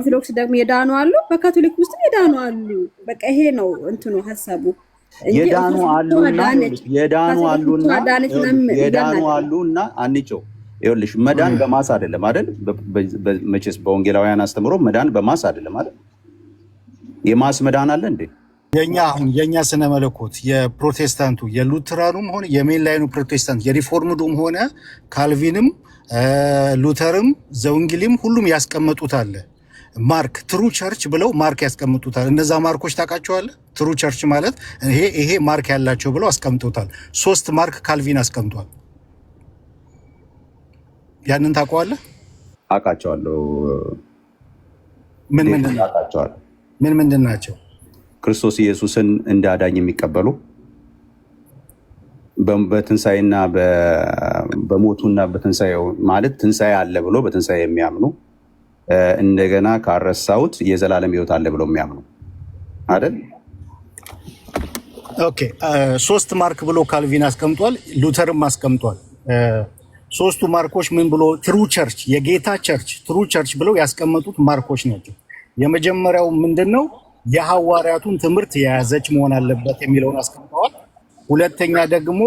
በኦርቶዶክስ ደግሞ የዳኑ አሉ፣ በካቶሊክ ውስጥ የዳኑ አሉ። በቃ ይሄ ነው እንትኑ ሀሳቡ። የዳኑ አሉና የዳኑ አሉና የዳኑ አሉና አንጨው ይኸውልሽ መዳን በማስ አይደለም አይደል? መቼስ በወንጌላውያን አስተምሮ መዳን በማስ አይደለም አይደል? የማስ መዳን አለ እንዴ? የኛ አሁን የኛ ስነ መለኮት የፕሮቴስታንቱ የሉትራኑም ሆነ የሜን ላይኑ ፕሮቴስታንት የሪፎርምዱም ሆነ ካልቪንም ሉተርም ዘውንግሊም ሁሉም ያስቀመጡት አለ። ማርክ ትሩ ቸርች ብለው ማርክ ያስቀምጡታል። እነዛ ማርኮች ታውቃቸዋለ? ትሩ ቸርች ማለት ይሄ ይሄ ማርክ ያላቸው ብለው አስቀምጡታል። ሶስት ማርክ ካልቪን አስቀምጧል። ያንን ታውቀዋለ? አውቃቸዋለሁ። ምን ምንድን ናቸው? ክርስቶስ ኢየሱስን እንደ አዳኝ የሚቀበሉ በትንሳኤና በሞቱና በትንሣኤው ማለት ትንሳኤ አለ ብሎ በትንሳኤ የሚያምኑ እንደገና ካረሳሁት የዘላለም ህይወት አለ ብሎ የሚያምኑ አይደል? ኦኬ ሶስት ማርክ ብሎ ካልቪን አስቀምጧል፣ ሉተርም አስቀምጧል። ሶስቱ ማርኮች ምን ብሎ ትሩ ቸርች፣ የጌታ ቸርች፣ ትሩ ቸርች ብለው ያስቀመጡት ማርኮች ናቸው። የመጀመሪያው ምንድን ነው? የሐዋርያቱን ትምህርት የያዘች መሆን አለበት የሚለውን አስቀምጠዋል። ሁለተኛ ደግሞ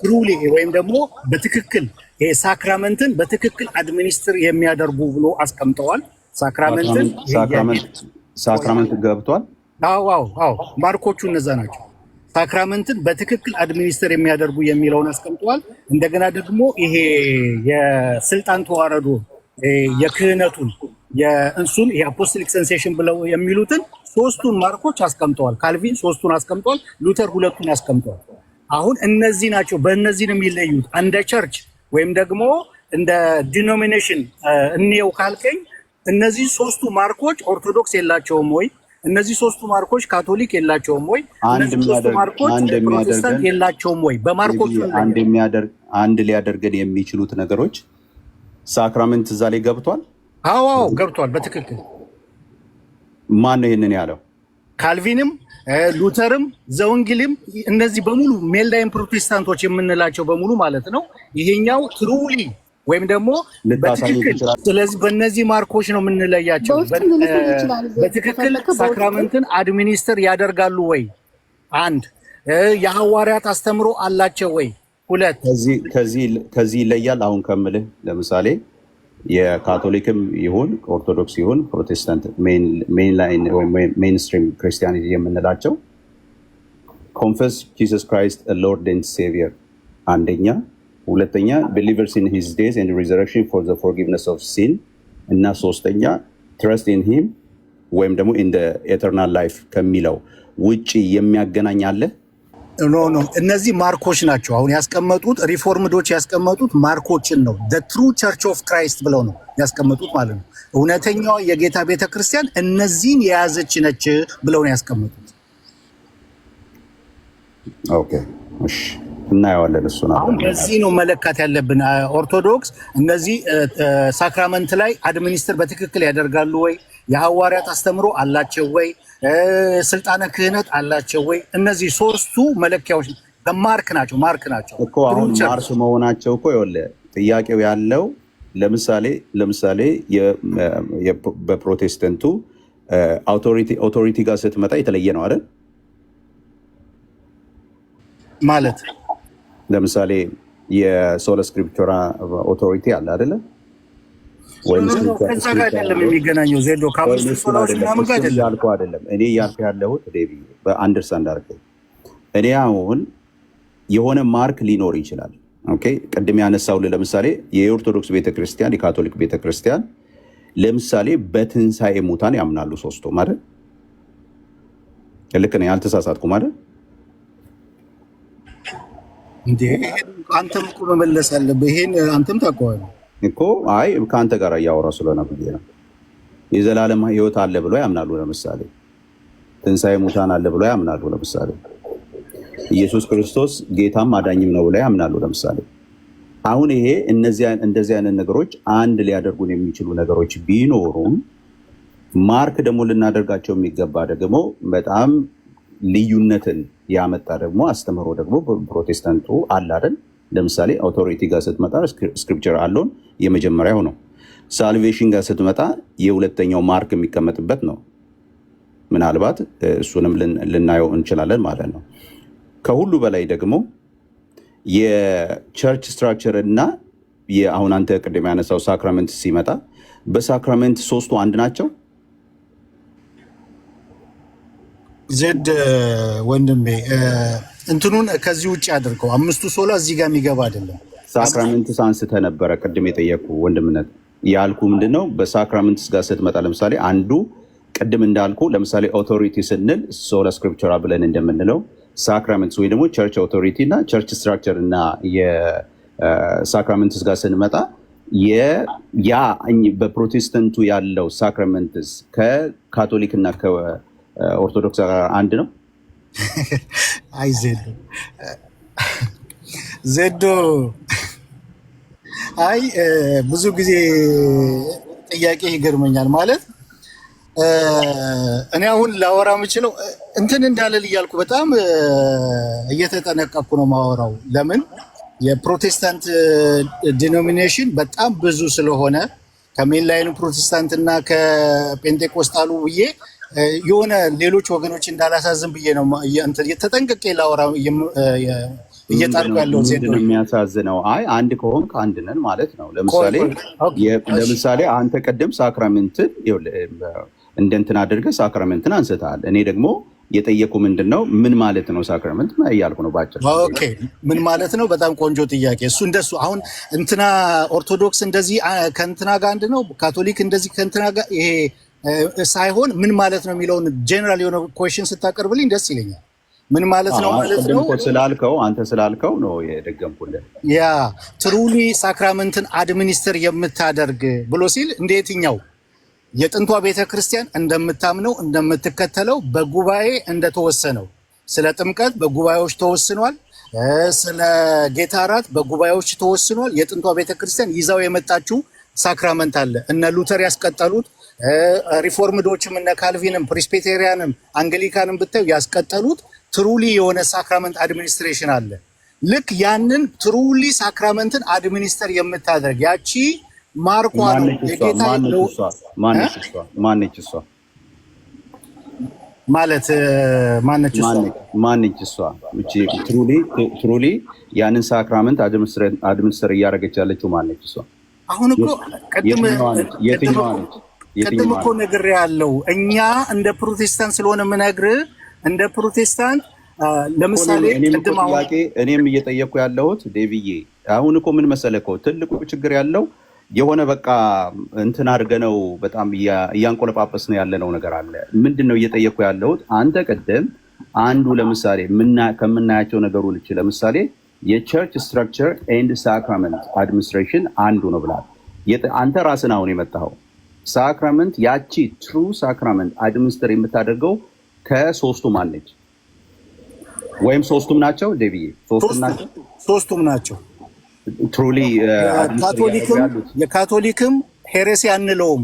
ትሩሊ ወይም ደግሞ በትክክል ሳክራመንትን በትክክል አድሚኒስትር የሚያደርጉ ብሎ አስቀምጠዋል። ሳክራመንትን ሳክራመንት ገብቷል። አዎ አዎ አዎ፣ ማርኮቹ እነዛ ናቸው። ሳክራመንትን በትክክል አድሚኒስትር የሚያደርጉ የሚለውን አስቀምጠዋል። እንደገና ደግሞ ይሄ የስልጣን ተዋረዶ የክህነቱን የእንሱን የአፖስቶሊክ ሰንሴሽን ብለው የሚሉትን ሶስቱን ማርኮች አስቀምጠዋል። ካልቪን ሶስቱን አስቀምጠዋል። ሉተር ሁለቱን አስቀምጠዋል። አሁን እነዚህ ናቸው። በእነዚህ ነው የሚለዩት። እንደ ቸርች ወይም ደግሞ እንደ ዲኖሚኔሽን እንየው ካልከኝ እነዚህ ሶስቱ ማርኮች ኦርቶዶክስ የላቸውም ወይ? እነዚህ ሶስቱ ማርኮች ካቶሊክ የላቸውም ወይ? ፕሮቴስታንት የላቸውም ወይ? በማርኮቹ አንድ ሊያደርገን የሚችሉት ነገሮች ሳክራመንት እዛ ላይ ገብቷል። አዎ አዎ ገብቷል። በትክክል ማን ነው ይህንን ያለው? ካልቪንም ሉተርም ዘወንግልም እነዚህ በሙሉ ሜልዳይን ፕሮቴስታንቶች የምንላቸው በሙሉ ማለት ነው። ይሄኛው ትሩሊ ወይም ደግሞ ስለዚህ በእነዚህ ማርኮች ነው የምንለያቸው። በትክክል ሳክራመንትን አድሚኒስትር ያደርጋሉ ወይ? አንድ የሐዋርያት አስተምሮ አላቸው ወይ? ሁለት ከዚህ ይለያል። አሁን ከምልህ ለምሳሌ የካቶሊክም ይሁን ኦርቶዶክስ ይሁን ፕሮቴስታንት ሜንስትሪም ክርስቲያኒቲ የምንላቸው ኮንፈስ ጂሰስ ክራይስት ሎርድ ኤንድ ሴቪየር አንደኛ፣ ሁለተኛ ቢሊቨርስ ኢን ሂዝ ዴዝ ኤንድ ሪዘረክሽን ፎር ዘ ፎርጊቭነስ ኦፍ ሲን እና ሶስተኛ ትረስት ኢን ሂም ወይም ደግሞ ኢን ኤተርናል ላይፍ ከሚለው ውጭ የሚያገናኝ አለ? ኖ ኖ እነዚህ ማርኮች ናቸው። አሁን ያስቀመጡት ሪፎርምዶች ያስቀመጡት ማርኮችን ነው። ዘ ትሩ ቸርች ኦፍ ክራይስት ብለው ነው ያስቀመጡት ማለት ነው። እውነተኛዋ የጌታ ቤተ ክርስቲያን እነዚህን የያዘች ነች ብለው ነው ያስቀመጡት። ኦኬ እሺ እናየዋለን። እሱ አሁን በዚህ ነው መለካት ያለብን። ኦርቶዶክስ እነዚህ ሳክራመንት ላይ አድሚኒስትር በትክክል ያደርጋሉ ወይ? የሐዋርያት አስተምሮ አላቸው ወይ? ስልጣነ ክህነት አላቸው ወይ? እነዚህ ሶስቱ መለኪያዎች በማርክ ናቸው። ማርክ ናቸው እኮ አሁን ማርክ መሆናቸው እኮ ይኸውልህ፣ ጥያቄው ያለው ለምሳሌ ለምሳሌ በፕሮቴስተንቱ ኦቶሪቲ ጋር ስትመጣ የተለየ ነው አይደል ማለት ለምሳሌ የሶለ ስክሪፕቹራ ኦቶሪቲ አለ አደለ? ከዛ ጋር አይደለም የሚገናኘው ዜዶ ያልኩህ አይደለም። እኔ እያልኩህ ያለሁት በአንደርስታንድ አድርገህ እኔ አሁን የሆነ ማርክ ሊኖር ይችላል። ኦኬ ቅድም ያነሳውል ለምሳሌ የኦርቶዶክስ ቤተክርስቲያን፣ የካቶሊክ ቤተክርስቲያን ለምሳሌ በትንሣኤ ሙታን ያምናሉ ሶስቱ ማለት ልክ ነው። ያልተሳሳትኩ ማለት እንዴ አንተም እኮ መመለስ አለብህ። ይሄን አንተም ታውቀዋለህ እኮ። አይ ከአንተ ጋር እያወራ ስለነበር የዘላለም ሕይወት አለ ብሎ ያምናሉ። ለምሳሌ ትንሣኤ ሙታን አለ ብሎ ያምናሉ። ለምሳሌ ኢየሱስ ክርስቶስ ጌታም አዳኝም ነው ብሎ ያምናሉ። ለምሳሌ አሁን ይሄ እንደዚህ አይነት ነገሮች አንድ ሊያደርጉን የሚችሉ ነገሮች ቢኖሩም ማርክ ደግሞ ልናደርጋቸው የሚገባ ደግሞ በጣም ልዩነትን ያመጣ ደግሞ አስተምህሮ ደግሞ ፕሮቴስታንቱ አለ አይደል? ለምሳሌ አውቶሪቲ ጋር ስትመጣ ስክሪፕቸር አለውን የመጀመሪያው ነው። ሳልቬሽን ጋር ስትመጣ የሁለተኛው ማርክ የሚቀመጥበት ነው። ምናልባት እሱንም ልናየው እንችላለን ማለት ነው። ከሁሉ በላይ ደግሞ የቸርች ስትራክቸር እና የአሁን አንተ ቅድም ያነሳው ሳክራመንት ሲመጣ በሳክራመንት ሶስቱ አንድ ናቸው። ዜድ ወንድሜ እንትኑን ከዚህ ውጭ አድርገው አምስቱ ሶላ እዚህ ጋር የሚገባ አይደለም። ሳክራሜንትስ አንስተ ነበረ ቅድም የጠየቅኩ ወንድምነት ያልኩ ምንድን ነው ጋር ስትመጣ ለምሳሌ አንዱ ቅድም እንዳልኩ ለምሳሌ ኦቶሪቲ ስንል ሶላ ስክሪፕቸራ ብለን እንደምንለው ሳክራሜንትስ ወይ ደግሞ ቸርች ኦቶሪቲ እና ቸርች ስትራክቸር እና የሳክራሜንትስ ጋር ስንመጣ ያ በፕሮቴስታንቱ ያለው ሳክራመንትስ ከካቶሊክ እና ኦርቶዶክስ አንድ ነው። አይ ዜዶ ዜዶ አይ ብዙ ጊዜ ጥያቄ ይገርመኛል። ማለት እኔ አሁን ላወራ የምችለው እንትን እንዳለል እያልኩ በጣም እየተጠነቀቅኩ ነው ማወራው። ለምን የፕሮቴስታንት ዲኖሚኔሽን በጣም ብዙ ስለሆነ ከሜንላይኑ ላይኑ ፕሮቴስታንት እና ከጴንጤቆስጣሉ ብዬ የሆነ ሌሎች ወገኖች እንዳላሳዝን ብዬ ነው ተጠንቅቄ ላወራ እየጣርኩ ያለው ዜና የሚያሳዝነው። አይ አንድ ከሆንክ አንድ ነን ማለት ነው። ለምሳሌ ለምሳሌ አንተ ቀደም ሳክራሜንትን እንደ እንትን አድርገህ ሳክራሜንትን አንስተሃል። እኔ ደግሞ የጠየቁ ምንድን ነው ምን ማለት ነው ሳክራመንት እያልኩ ነው ባጭር ኦኬ ምን ማለት ነው በጣም ቆንጆ ጥያቄ እሱ እንደሱ አሁን እንትና ኦርቶዶክስ እንደዚህ ከእንትና ጋር አንድ ነው ካቶሊክ እንደዚህ ከእንትና ጋር ይሄ ሳይሆን ምን ማለት ነው የሚለውን ጀነራል የሆነ ኮሽን ስታቀርብልኝ ደስ ይለኛል። ምን ማለት ነው ማለት ነው ስላልከው አንተ ስላልከው ነው የደገምኩልህ። ያ ትሩሊ ሳክራመንትን አድሚኒስትር የምታደርግ ብሎ ሲል እንደ የትኛው የጥንቷ ቤተ ክርስቲያን እንደምታምነው እንደምትከተለው በጉባኤ እንደተወሰነው ስለ ጥምቀት በጉባኤዎች ተወስኗል። ስለ ጌታ እራት በጉባኤዎች ተወስኗል። የጥንቷ ቤተ ክርስቲያን ይዛው የመጣችው ሳክራመንት አለ። እነ ሉተር ያስቀጠሉት ሪፎርምዶችም እነ ካልቪንም ፕሪስፔቴሪያንም አንግሊካንም ብታዩ ያስቀጠሉት ትሩሊ የሆነ ሳክራመንት አድሚኒስትሬሽን አለ። ልክ ያንን ትሩሊ ሳክራመንትን አድሚኒስተር የምታደርግ ያቺ ማርኳ ማነች እሷ ማለት ማነች እሷ ትሩሊ ያንን ሳክራመንት አድሚኒስተር እያደረገች ያለችው ማነች እሷ? አሁን እኮ ቅድም የትኛዋ ነች? ቅድም እኮ ነግሬ ያለው እኛ እንደ ፕሮቴስታንት ስለሆነ ምነግር እንደ ፕሮቴስታንት ለምሳሌ እኔም እየጠየኩ ያለሁት ዴቪዬ፣ አሁን እኮ ምን መሰለህ እኮ ትልቁ ችግር ያለው የሆነ በቃ እንትን አድርገነው በጣም እያንቆለጳጰስ ነው ያለነው ነገር አለ። ምንድን ነው እየጠየቅኩ ያለሁት አንተ ቅድም አንዱ ለምሳሌ ከምናያቸው ነገሩ ልች ለምሳሌ የቸርች ስትራክቸር ኤንድ ሳክራመንት አድሚኒስትሬሽን አንዱ ነው ብላል። አንተ ራስን አሁን የመጣኸው ሳክራመንት ያቺ ትሩ ሳክራመንት አድሚኒስተር የምታደርገው ከሶስቱም አለች ወይም ሶስቱም ናቸው ደብዬ ሶስቱም ናቸው። ትሩሊ የካቶሊክም ሄሬሲ አንለውም፣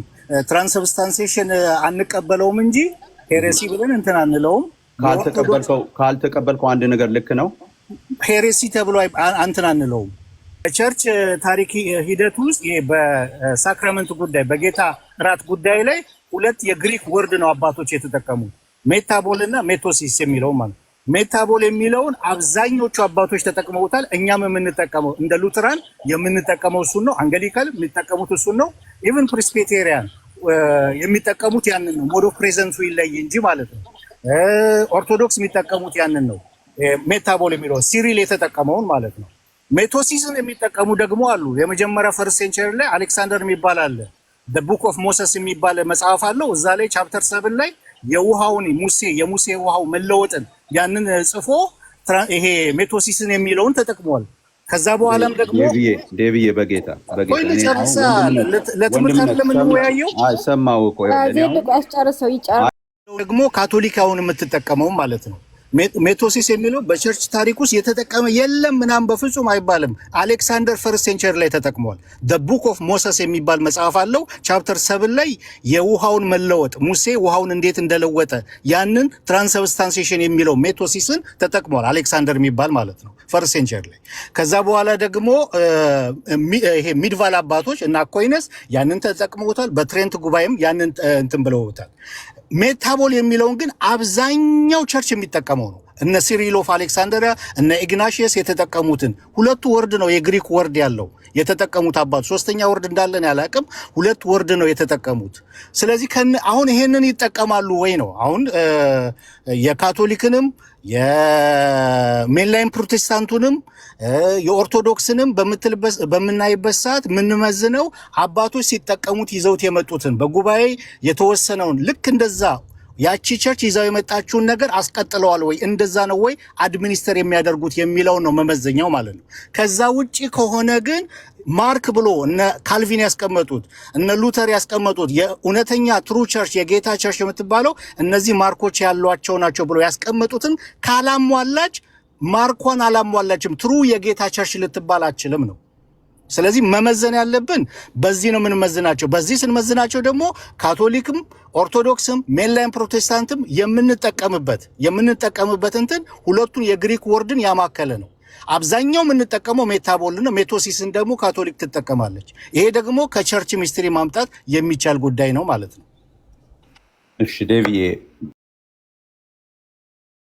ትራንስብስታንሴሽን አንቀበለውም እንጂ ሄሬሲ ብለን እንትን አንለውም። ካልተቀበልከው አንድ ነገር ልክ ነው፣ ሄሬሲ ተብሎ አንትን አንለውም። በቸርች ታሪክ ሂደት ውስጥ በሳክራመንት ጉዳይ በጌታ ጥራት ጉዳይ ላይ ሁለት የግሪክ ወርድ ነው አባቶች የተጠቀሙ ሜታቦል እና ሜቶሲስ የሚለው ማለት ሜታቦል የሚለውን አብዛኞቹ አባቶች ተጠቅመውታል። እኛም የምንጠቀመው እንደ ሉትራን የምንጠቀመው እሱን ነው። አንገሊካል የሚጠቀሙት እሱን ነው። ኢቨን ፕሬስቤቴሪያን የሚጠቀሙት ያንን ነው። ሞዶ ፕሬዘንቱ ይለይ እንጂ ማለት ነው። ኦርቶዶክስ የሚጠቀሙት ያንን ነው። ሜታቦል የሚለው ሲሪል የተጠቀመውን ማለት ነው። ሜቶሲስን የሚጠቀሙ ደግሞ አሉ። የመጀመሪያ ፈርስት ሴንቸሪ ላይ አሌክሳንደር የሚባል አለ ቡክ ኦፍ ሞሰስ የሚባል መጽሐፍ አለው። እዛ ላይ ቻፕተር ሰብን ላይ የውሃውን ሙሴ የሙሴ ውሃው መለወጥን ያንን ጽፎ ይሄ ሜቶሲስን የሚለውን ተጠቅሟል። ከዛ በኋላም ደግሞ ዴቪዬ በጌታ ለትምህርት ለምንወያየው ሰማው ደግሞ ካቶሊካውን የምትጠቀመው ማለት ነው ሜቶሲስ የሚለው በቸርች ታሪክ ውስጥ የተጠቀመ የለም ምናምን በፍጹም አይባልም። አሌክሳንደር ፈርስት ሴንቸሪ ላይ ተጠቅሟል። ደ ቡክ ኦፍ ሞሰስ የሚባል መጽሐፍ አለው። ቻፕተር ሰብን ላይ የውሃውን መለወጥ ሙሴ ውሃውን እንዴት እንደለወጠ ያንን ትራንስብስታንሴሽን የሚለው ሜቶሲስን ተጠቅመዋል። አሌክሳንደር የሚባል ማለት ነው ፈርስት ሴንቸሪ ላይ። ከዛ በኋላ ደግሞ ይሄ ሚድቫል አባቶች እና ኮይነስ ያንን ተጠቅመውታል። በትሬንት ጉባኤም ያንን እንትን ብለውታል። ሜታቦል የሚለውን ግን አብዛኛው ቸርች የሚጠቀመው ነው። እነ ሲሪል ኦፍ አሌክሳንደሪያ እነ ኢግናሽየስ የተጠቀሙትን ሁለቱ ወርድ ነው የግሪክ ወርድ ያለው የተጠቀሙት አባቱ ሶስተኛ ወርድ እንዳለን ያላቅም ሁለት ወርድ ነው የተጠቀሙት። ስለዚህ አሁን ይሄንን ይጠቀማሉ ወይ ነው አሁን የካቶሊክንም የሜንላይን ፕሮቴስታንቱንም የኦርቶዶክስንም በምናይበት ሰዓት የምንመዝነው አባቶች ሲጠቀሙት ይዘውት የመጡትን በጉባኤ የተወሰነውን ልክ እንደዛ ያቺ ቸርች ይዛው የመጣችውን ነገር አስቀጥለዋል ወይ? እንደዛ ነው ወይ አድሚኒስተር የሚያደርጉት የሚለው ነው መመዘኛው ማለት ነው። ከዛ ውጪ ከሆነ ግን ማርክ ብሎ እነ ካልቪን ያስቀመጡት እነ ሉተር ያስቀመጡት የእውነተኛ ትሩ ቸርች የጌታ ቸርች የምትባለው እነዚህ ማርኮች ያሏቸው ናቸው ብሎ ያስቀመጡትን ካላሟላች ማርኳን አላሟላችም፣ ትሩ የጌታ ቸርች ልትባል አችልም ነው። ስለዚህ መመዘን ያለብን በዚህ ነው የምንመዝናቸው። በዚህ ስንመዝናቸው ደግሞ ካቶሊክም ኦርቶዶክስም ሜንላይን ፕሮቴስታንትም የምንጠቀምበት የምንጠቀምበት እንትን ሁለቱን የግሪክ ወርድን ያማከለ ነው። አብዛኛው የምንጠቀመው ሜታቦል ነው። ሜቶሲስን ደግሞ ካቶሊክ ትጠቀማለች። ይሄ ደግሞ ከቸርች ሚስትሪ ማምጣት የሚቻል ጉዳይ ነው ማለት ነው። እሺ ዴቪዬ